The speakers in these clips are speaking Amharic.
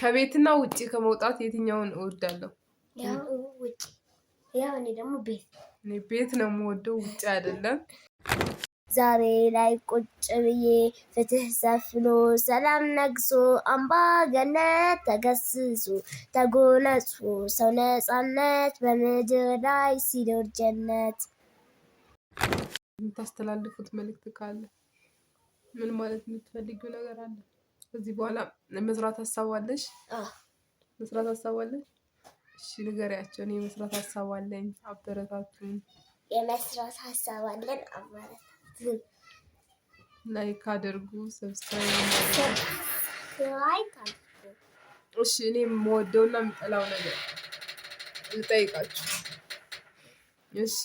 ከቤትና ውጪ ከመውጣት የትኛውን እወዳለሁ? ያው እኔ ደግሞ ቤት ቤት ነው የምወደው፣ ውጭ አይደለም። ዛሬ ላይ ቁጭ ብዬ ፍትህ ሰፍኖ ሰላም ነግሶ አምባገነት ተገስሱ ተጎነጹ ሰው ነጻነት በምድር ላይ ሲኖር ጀነት። የምታስተላልፉት መልእክት ካለ ምን ማለት የምትፈልጊው ነገር አለ? ከዚህ በኋላ መስራት አሳዋለሽ አዎ መስራት አሳዋለሽ። እሺ ንገሪያቸው። እኔ መስራት አሳዋለኝ፣ አበረታቱኝ። የመስራት አሳዋለን፣ አበረታቱኝ። ላይክ አድርጉ፣ ሰብስክራይብ ላይክ አድርጉ። እሺ እኔ የምወደውና የምጠላው ነገር ልጠይቃችሁ። እሺ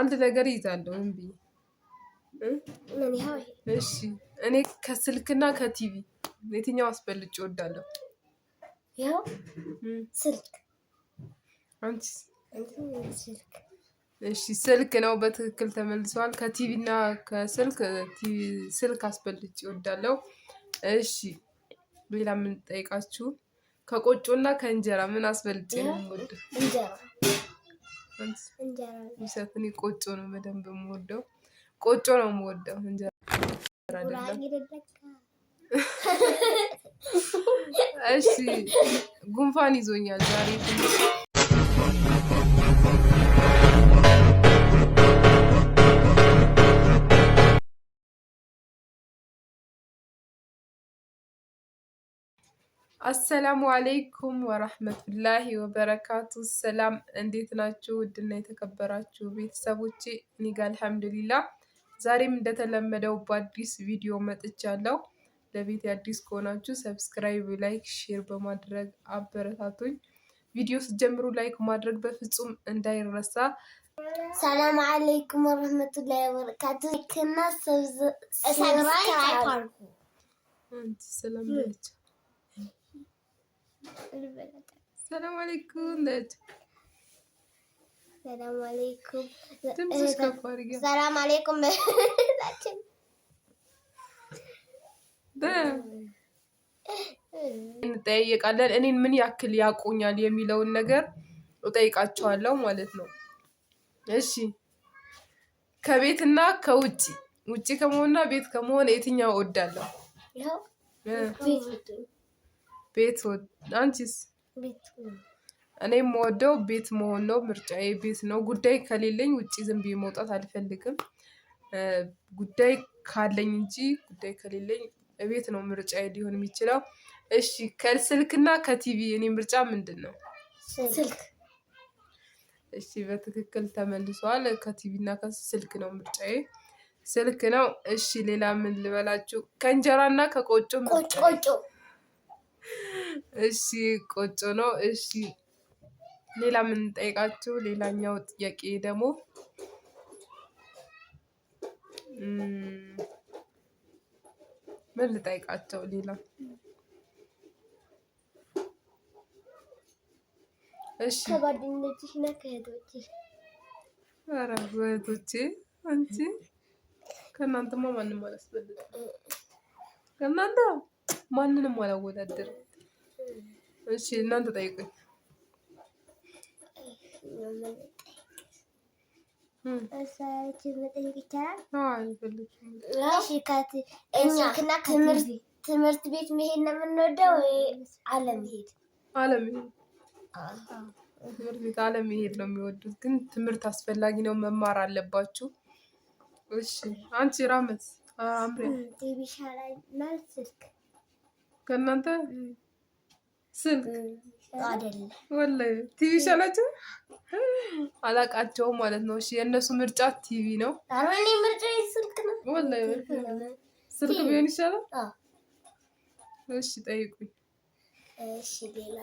አንድ ነገር ይዛለሁ። ምን ብዬ እሺ እኔ ከስልክና ከቲቪ የትኛው አስበልጭ እወዳለሁ? ያው ስልክ። ስልክ። እሺ ስልክ ነው በትክክል ተመልሰዋል። ከቲቪ እና ከስልክ ስልክ አስበልጭ እወዳለሁ። እሺ ሌላ የምንጠይቃችሁ ከቆጮና ከእንጀራ ምን አስበልጭ ነው የምወደው? እንጀራ። ቆጮ ነው በደንብ የምወደው። ቆጮ ነው የምወደው እንጀራ ስራ አይደለም። እሺ ጉንፋን ይዞኛል ዛሬ። አሰላሙ አለይኩም ወራህመቱላሂ ወበረካቱ። ሰላም እንዴት ናችሁ? ውድና የተከበራችሁ ቤተሰቦቼ እኔ ጋ አልሐምዱሊላህ ዛሬም እንደተለመደው በአዲስ ቪዲዮ መጥቻለሁ። ለቤት አዲስ ከሆናችሁ ሰብስክራይብ፣ ላይክ፣ ሼር በማድረግ አበረታቱኝ። ቪዲዮ ስጀምሩ ላይክ ማድረግ በፍጹም እንዳይረሳ። ሰላም አለይኩም ወረህመቱላሂ ወበረካቱ። ላይክና ሰብስክራይብ አድርጉ። ሰላም አለይኩም ሰላም አለይኩም ሰላም አለይኩም እንጠያየቃለን። እኔን ምን ያክል ያውቁኛል የሚለውን ነገር እጠይቃቸዋለሁ ማለት ነው። እሺ ከቤትና ከውጭ ውጭ ከመሆንና ቤት ከመሆን የትኛው እወዳለሁ? ቤት። አንቺስ? እኔ የምወደው ቤት መሆን ነው። ምርጫዬ ቤት ነው። ጉዳይ ከሌለኝ ውጭ ዝም ብዬ መውጣት አልፈልግም። ጉዳይ ካለኝ እንጂ ጉዳይ ከሌለኝ እቤት ነው ምርጫዬ ሊሆን የሚችለው። እሺ ከስልክና ከቲቪ እኔ ምርጫ ምንድን ነው? ስልክ። እሺ በትክክል ተመልሷል። ከቲቪና ከስልክ ነው ምርጫዬ። ስልክ ነው። እሺ ሌላ ምን ልበላችሁ? ከእንጀራና ከቆጮ። ቆጮ። እሺ ቆጮ ነው። እሺ ሌላ የምንጠይቃችሁ ሌላኛው ጥያቄ ደግሞ ምን ልጠይቃቸው? ሌላ እሺ፣ ከጓደኞችሽ እና ከእህቶችሽ። ኧረ እህቶቼ፣ አንቺ ከእናንተማ ማንም አላስበልጥም። ከእናንተ ማንንም አላወዳደርም። እሺ፣ እናንተ ጠይቁኝ። መጠየቅ ይቻላል። ትምህርት ቤት መሄድ ነው የምንወደው አለመሄድ? አለመሄድ ትምህርት ቤት አለመሄድ ነው የሚወዱት። ግን ትምህርት አስፈላጊ ነው፣ መማር አለባችሁ። እሺ አንቺ ራመት አምሪ ከእናንተ ስልክ ወላሂ ቲቪ ይሻላቸው አላቃቸውም ማለት ነው። እሺ የእነሱ ምርጫ ቲቪ ነው። ወላሂ ስልክ ቢሆን ይሻላል። እሺ ጠይቁኝ። እሺ ሌላ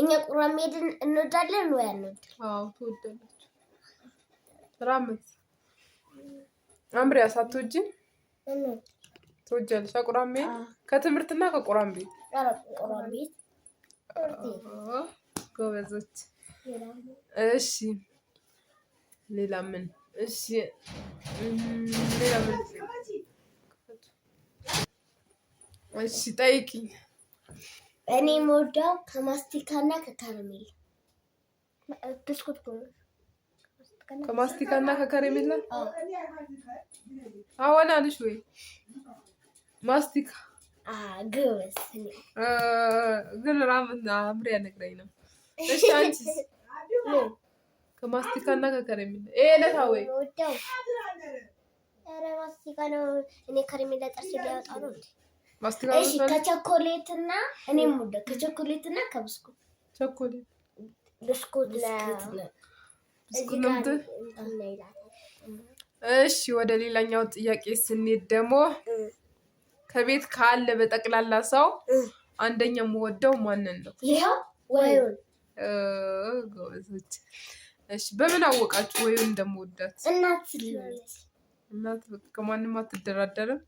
እኛ ቁራ መሄድን እንወዳለን ወይ አንወድ? ትወዳለች። ራመት አምሪያ ሳትወጂ ትወጃለሽ? ቁራ መሄድ ከትምህርትና ከቁራም ቤት ጎበዞች። እሺ ሌላ ምን? እሺ ሌላ ምን? እሺ ጠይቂኝ። እኔ የምወደው ከማስቲካና ከከረሜላ ብስኩት ከማስቲካ እና ወይ ማስቲካ ግን ራምን አምሬ ያነግረኝ ነው። እሺ ከማስቲካ እና ከከረሜላ ይሄ ለታ ወይ ማስቲካ ነው። እኔ ከረሜላ ሊያወጣ ነው። ማስቲካ እሺ ከቸኮሌት እና እኔ ሙደ ከቸኮሌት እና ከብስኩት ቸኮሌት ብስኩት እሺ ወደ ሌላኛው ጥያቄ ስንሄድ ደግሞ ከቤት ካለ በጠቅላላ ሰው አንደኛ የምወደው ማንን ነው? ጎበዞች። እሺ፣ በምን አወቃችሁ ወይም እንደምወዳት? እናት ከማንም አትደራደርም።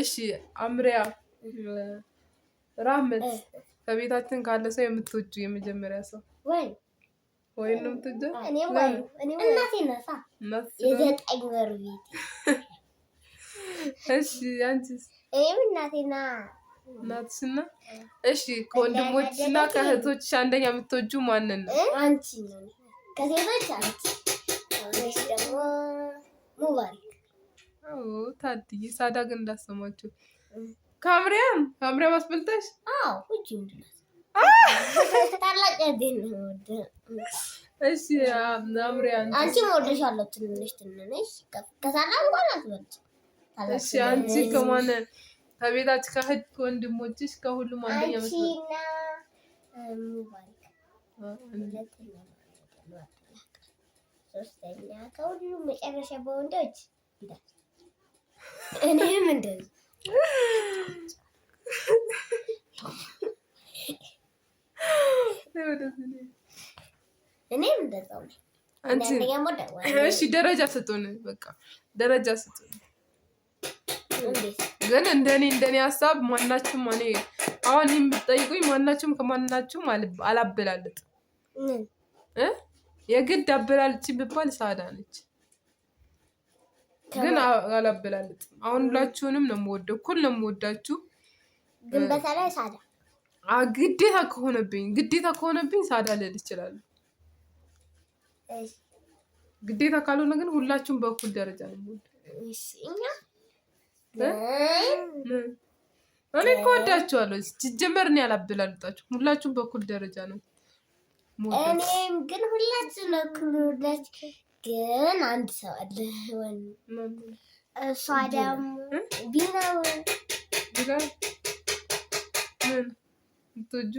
እሺ፣ አምሪያ ራህመት፣ ከቤታችን ካለ ሰው የምትወጁ የመጀመሪያ ሰው ወይም ነው የምትወጂው? እናቴ ናት። የዘጠኝ ወር ቤት። እሺ፣ አንቺስ? እኔም እናቴና እናትሽና። እሺ ከወንድሞችና ከእህቶች አንደኛ የምትወጁ ማንን ነው? አንቺ ከሴቶች አንቺ ደግሞ ሙባሪክ። አዎ ታድዬ ሳዳግ እንዳሰማችሁ ካምሪያም ካምሪያም አስበልተሽ። አዎ እቺ ታላቅ እሺ አምሪያን አንቺ ወደሽ አለች ትንሽ ከሳላ እንኳን አትበልጭ እሺ አንቺ ከማነ ከቤታች ከህድ ከወንድሞችሽ ከሁሉም አንደኛ ሶስተኛ እኔም እንደዛው እሺ ደረጃ ስጡን፣ በቃ ደረጃ ስጡን። ግን እንደኔ እንደኔ ሀሳብ ማናችሁም እኔ አሁን የምትጠይቁኝ ማናችሁም ከማናችሁም አላበላልጥ የግድ አበላልጭ ብባል ሳዳ ነች። ግን አላበላልጥ። አሁን ሁላችሁንም ነው የምወደው፣ እኩል ነው የምወዳችሁ። ግን በተለይ ሳዳ ግዴታ ከሆነብኝ ግዴታ ከሆነብኝ ሳዳ ልል እችላለሁ። ግዴታ ካልሆነ ግን ሁላችሁም በእኩል ደረጃ ነው የምወደው። እኔ እኮ ወዳችኋለሁ። ሲጀመር እኔ አላበላልጣችሁ፣ ሁላችሁም በኩል ደረጃ ነው። እኔም ግን ሁላችሁ ነው ክሉዳች። ግን አንድ ሰው አለ እሷ ደግሞ ቢናው ቢናው ምን ትጁ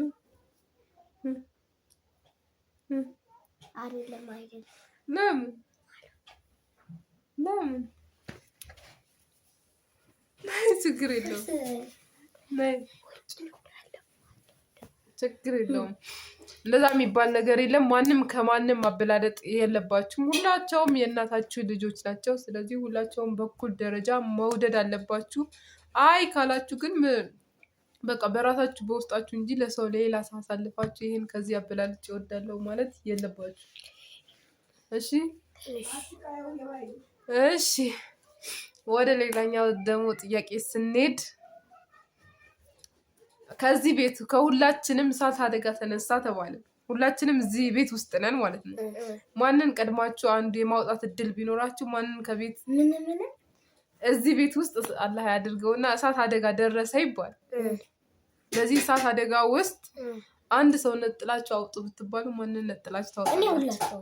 አይደለም አይደለም ለምን ለምን ችግር የለውም ችግር የለውም። እንደዛ የሚባል ነገር የለም። ማንም ከማንም ማበላለጥ የለባችሁም። ሁላቸውም የእናታችሁ ልጆች ናቸው። ስለዚህ ሁላቸውም በኩል ደረጃ መውደድ አለባችሁ። አይ ካላችሁ ግን በቃ በራሳችሁ በውስጣችሁ እንጂ ለሰው ሌላ ሳሳልፋችሁ ይህን ከዚህ አበላልጭ ይወዳለው ማለት የለባችሁ። እሺ እሺ። ወደ ሌላኛው ደግሞ ጥያቄ ስንሄድ ከዚህ ቤት ከሁላችንም እሳት አደጋ ተነሳ ተባለ። ሁላችንም እዚህ ቤት ውስጥ ነን ማለት ነው። ማንን ቀድማችሁ አንዱ የማውጣት እድል ቢኖራችሁ ማንን ከቤት እዚህ ቤት ውስጥ አላህ እና እሳት አደጋ ደረሰ ይባል። በዚህ እሳት አደጋ ውስጥ አንድ ሰው ነጥላችሁ አውጡ ብትባሉ ማንን ነጥላችሁ ታውጣላችሁ?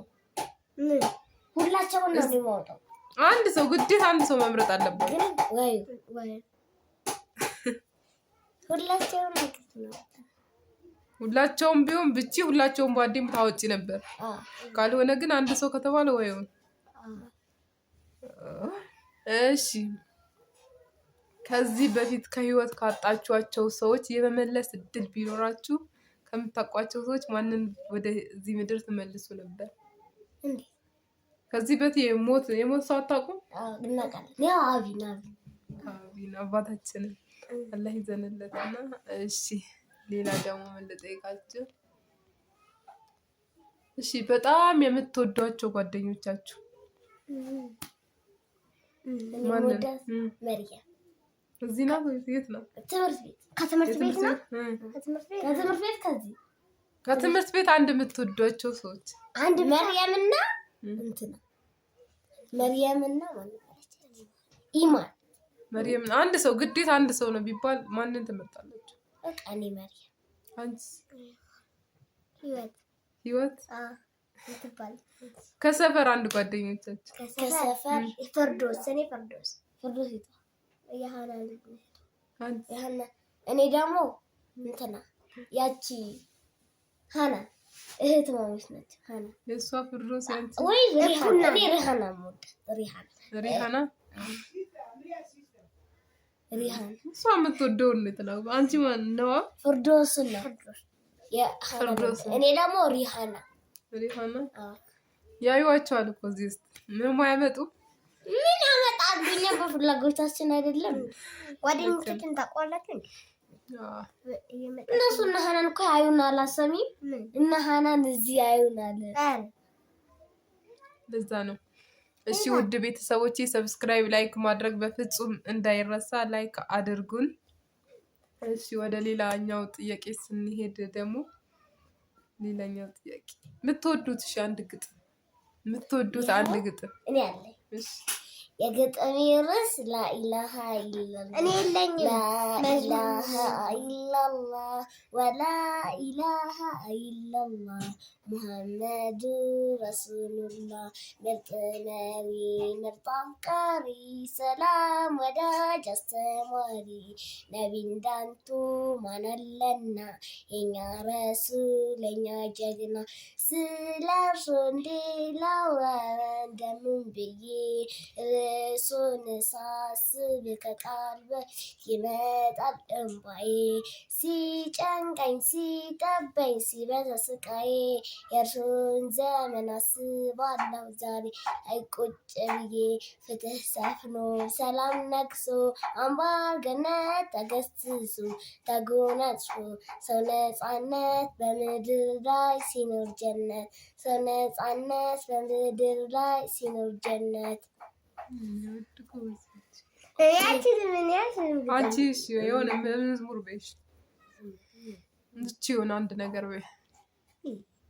ሁላቸውን ነው የማውጣው አንድ ሰው ግዴታ አንድ ሰው መምረጥ አለበት። ሁላቸውም ቢሆን ብቻ ሁላቸውም ባዴም ታወጪ ነበር። ካልሆነ ግን አንድ ሰው ከተባለ ወይውን እሺ። ከዚህ በፊት ከህይወት ካጣችኋቸው ሰዎች የመመለስ እድል ቢኖራችሁ ከምታውቋቸው ሰዎች ማንን ወደዚህ ምድር ትመልሱ ነበር? ከዚህ በት የሞት የሞት ሰው አታውቁም? እናውቃለን። ያው አቢን አቢን አባታችንን አላህ ይዘንለትና። እሺ ሌላ ደግሞ ምን ልጠይቃችሁ? እሺ በጣም የምትወዷቸው ጓደኞቻችሁ ማንን? እዚህ ናት ወይስ የት ነው? ከትምህርት ቤት ነው። ከትምህርት ቤት ከትምህርት ቤት አንድ የምትወዷቸው ሰዎች አንድ መርያምና እንትን መርየምና ኢማን መርየም አንድ ሰው ግዴታ አንድ ሰው ነው ቢባል ማንን ትመርጣለች? በቃ እኔ መርየም አንቺ ህይወት ህይወት ከሰፈር አንድ ጓደኞቻችን ከሰፈር ፍርዶስ እኔ ፍርዶስ ፍርዶስ እኔ ደግሞ እንትና ያቺ እህት ማሚት ነች። የእሷ ፍርዶስ ያንቺ ወይ ሪሃና እኔ ሪሃና ሪሃና ሪሃና እሷ የምትወደው ነው። አንቺ ማን ነው? ፍርዶስ ነው። እኔ ደግሞ ሪሃና ሪሃና። ያዩዋቸዋል እኮ እዚህ ውስጥ ምንም አያመጡም። ምን ያመጣሉ? እኛ በፍላጎታችን አይደለም። ጓደኞቻችን ታውቀዋላችሁ። እነሱ እና ሀናን እኮ አዩን አላሰሚም እና ሀናን እዚህ አዩን አለ። ለዛ ነው። እሺ ውድ ቤተሰቦቼ ሰብስክራይብ፣ ላይክ ማድረግ በፍጹም እንዳይረሳ፣ ላይክ አድርጉን። እሺ ወደ ሌላኛው ጥያቄ ስንሄድ ደግሞ ሌላኛው ጥያቄ የምትወዱት እሺ አንድ ግጥም የምትወዱት አንድ ግጥም እኔ አለኝ። እሺ የገጠሜ ርዕስ ላኢላሃ ኢለላህ እኔ የለኝም። ላኢላሃ ኢለላህ ወላኢላሃ ኢለላህ ሙሐመዱ ረሱሉላ ምርጥ ነቢ ምርጥ አፍቃሪ ሰላም ወዳጅ አስተማሪ ነቢ እንዳንቱ ማናለና የኛ ረሱል ለኛ ጀግና ስለ እርሱ እንዲላወራ እንደምን ብዬ እርሱን ሳስብ ከቃልበ ይመጣል እንባዬ ሲጨንቀኝ ሲጠበኝ ሲበዛ ስቃዬ የእርሾን ዘመን አስባለሁ ዛሬ አይቆጭ ብዬ ፍትህ ሰፍኖ ሰላም ነግሶ አምባር ገነት ተገስሶ ተጎናጽፎ ሰው ነጻነት በምድር ላይ ሲኖር ጀነት ሰው ነጻነት በምድር ላይ ሲኖር ጀነት። አንቺ የሆነ መዝሙር በይ፣ አንድ ነገር በይ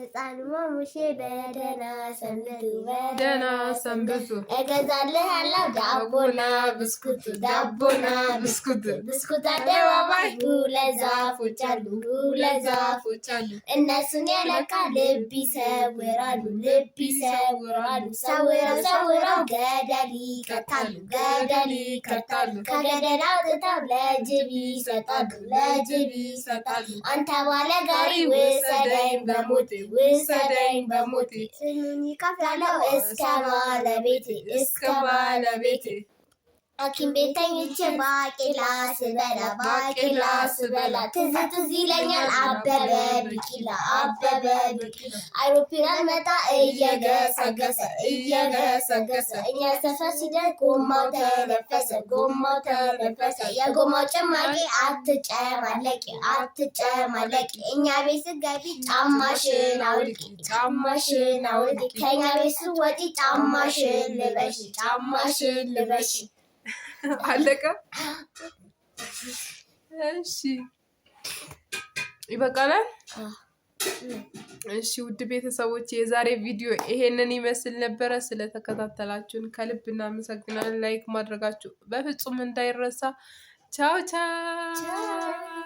ሕፃኑማ ሙሼ በደህና ሰንብቱ በደህና ሰንብቱ። እገዛልሃለሁ ዳቦና ብስኩት ዳቦና ብስኩት ብስኩት አደባባይ ለዛፎች አሉ ዛፎች አሉ። እነሱን የለካ ልብ ይሰውራሉ ልብ ይሰውራሉ። ሰውረው ሰውረው ገደል ይከታሉ ገደል ይከታሉ። ከገደል አውጥተው ለጅብ ይሰጣሉ ለጅብ ይሰጣሉ። አንተ ባለጋሪ ውሰደኝ በሞት ውሰደኝ በሞቴ ጽኑን ይከፍላለሁ እስከ ባለቤቴ እስከ ባለቤቴ ሐኪም ቤት ተኝቼ ባቄላ ስበላ ባቄላ ስበላ ትዝ ትዝ ይለኛል አበበ ቢቂላ አበበ ቢቂላ አይሮፕላን መጣ እየገሰገሰ እየገሰገሰ እኛ ሰፈር ሲደርስ ጎማው ተነፈሰ ጎማው ተነፈሰ የጎማው ጭማቂ አትጨማለቂ አትጨማለቂ እኛ ቤት ስገቢ ጫማሽን አውልቂ ጫማሽን አውልቂ ከእኛ ቤት ስወጪ ጫማሽን ልበሺ ጫማሽን ልበሺ አለቀ። እሺ ይበቃላል። እሺ ውድ ቤተሰቦች የዛሬ ቪዲዮ ይሄንን ይመስል ነበረ። ስለተከታተላችሁን ከልብ እናመሰግናለን። ላይክ ማድረጋችሁ በፍጹም እንዳይረሳ። ቻው ቻው።